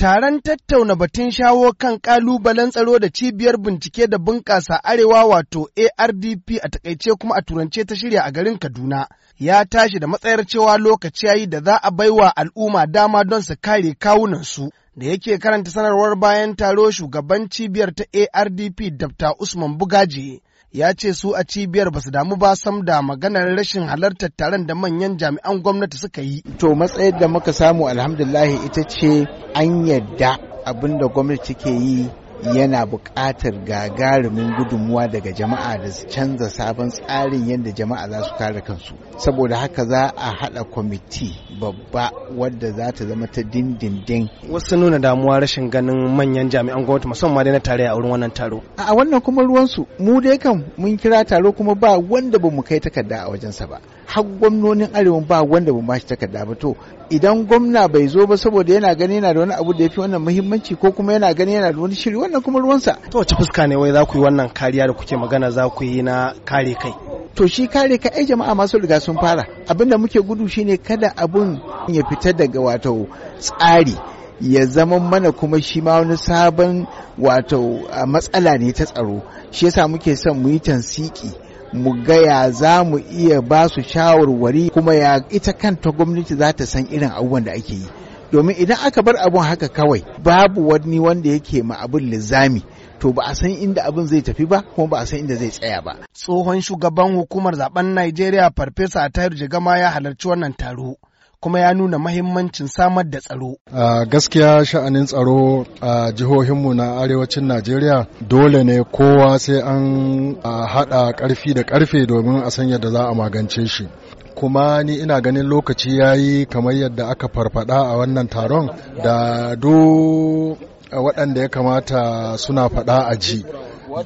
taron tattauna batun shawo kan ƙalubalen tsaro da cibiyar bincike da bunƙasa arewa wato ARDP a takaice kuma a turance ta shirya a garin Kaduna ya tashi da matsayar cewa lokaci yayi da za a baiwa al'umma dama don su kare kawunansu. Da yake karanta sanarwar bayan taro shugaban cibiyar ta ARDP Dr. Usman Bugaje ya ce su a cibiyar ba su damu ba sam da maganar rashin halartar taron da manyan jami'an gwamnati suka yi. To matsayar da muka samu alhamdulahi ita ce an yadda abin da gwamnati ke yi yana buƙatar gagarumin gudunmuwa daga jama'a da su canza sabon tsarin yadda jama'a za su kare kansu saboda haka za a haɗa kwamiti babba wadda za ta zama ta dindindin wasu nuna damuwa rashin ganin manyan jami'an gwamnati musamman dai na tare a wurin wannan taro a wannan kuma ruwansu mu dai kam mun kira taro kuma ba wanda ba mu kai takarda a wajensa ba har gwamnonin arewa ba wanda ba shi takarda ba to idan gwamna bai zo ba saboda yana gani yana da wani abu da ya fi wannan muhimmanci ko kuma yana gani yana da wani shiri wannan kuma ruwansa to wace fuska ne wai za ku yi wannan kariya da kuke magana za ku yi na kare kai to shi kare kai ai jama'a masu riga sun fara abinda muke gudu shine kada abun ya fita daga wato tsari ya zama mana kuma shi ma wani sabon wato matsala ne ta tsaro shi yasa muke son mu yi tansiki mu gaya za mu iya ba su shawarwari kuma ya ita kanta gwamnati za ta san irin abubuwan da ake yi domin idan aka bar abun haka kawai babu wani wanda yake ma abin lizami to ba a san inda abin zai tafi ba kuma ba a san inda zai tsaya ba tsohon shugaban hukumar zaben najeriya farfesa tayiru jigama ya halarci wannan taro kuma ya nuna mahimmancin samar da tsaro. A gaskiya sha'anin tsaro a jihohinmu na arewacin Najeriya dole ne kowa sai an haɗa ƙarfi da ƙarfe domin a san yadda za a magance shi. kuma ni ina ganin lokaci ya yi kamar yadda aka farfada a wannan taron da duk waɗanda ya kamata suna faɗa a ji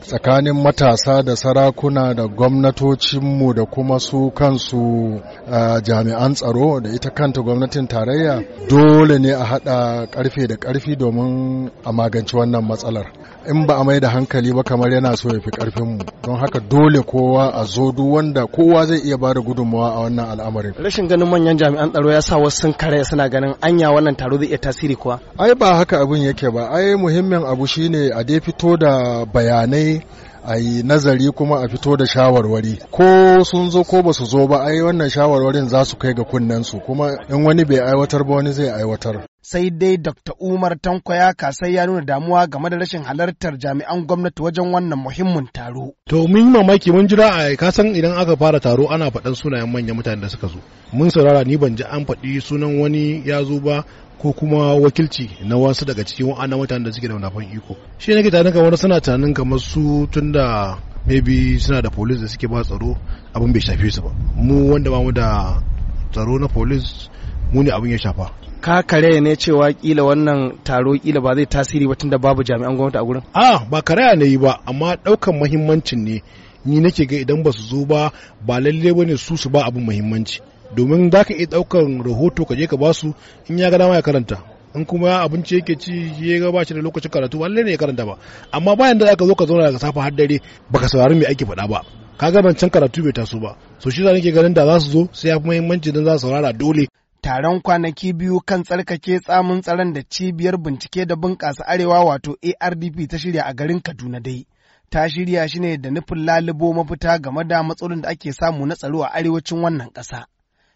tsakanin matasa da sarakuna da gwamnatocinmu da kuma su kansu jami'an tsaro da ita kanta gwamnatin tarayya dole ne a haɗa ƙarfe da ƙarfi domin a magance wannan matsalar in ba a mai da hankali ba kamar yana so ya fi ƙarfinmu don haka dole kowa a zo wanda kowa zai iya ba da gudunmawa a wannan al'amarin rashin ganin manyan jami'an tsaro ya sa wasu sun kare suna ganin anya wannan taro zai iya tasiri kuwa ai ba haka abin yake ba ai muhimmin abu shine a dai fito da bayanai ne a yi nazari kuma a fito da shawarwari ko sun zo ko ba su zo ba ai wannan shawarwarin za su kai ga kunnensu kuma in wani bai aiwatar ba wani zai aiwatar sai dai dr umar Tanko ya kasai ya nuna damuwa game da rashin halartar jami'an gwamnati wajen wannan muhimmin taro to mun yi mamaki mun jira a kasan idan aka fara taro ana faɗan sunayen manyan mutane da suka zo mun saurara ni ban ji an faɗi sunan wani ya zo ba ko kuma wakilci na wasu daga cikin wa'annan mutanen da suke da wadafan iko shi ne ke tunanin kamar suna tunanin kamar su tun da maybe suna da police da suke ba tsaro abin bai shafe su ba mu wanda ba mu da tsaro na police mu ne abin ya shafa ka kare ne cewa kila wannan taro kila ba zai tasiri ba tunda babu jami'an gwamnati a gurin a ba karaya ne yi ba amma daukan muhimmancin ne ni nake ga idan ba su zo ba ba lalle bane su su ba abin muhimmanci domin za ka iya ɗaukan rahoto ka je ka basu in ya ga dama ya karanta in kuma abinci yake ci ya ga ba shi da lokacin karatu ba ne ya karanta ba amma bayan da aka zo ka zauna daga safa har dare baka saurari mai ake faɗa ba ka ga can karatu bai taso ba so shi nake ganin da za su zo sai ya fi muhimmanci don za su saurara dole taron kwanaki biyu kan tsarkake tsamin tsaron da cibiyar bincike da bunƙasa arewa wato ardp ta shirya a garin kaduna dai ta shirya shi ne da nufin lalubo mafita game da matsalolin da ake samu na tsaro a arewacin wannan kasa.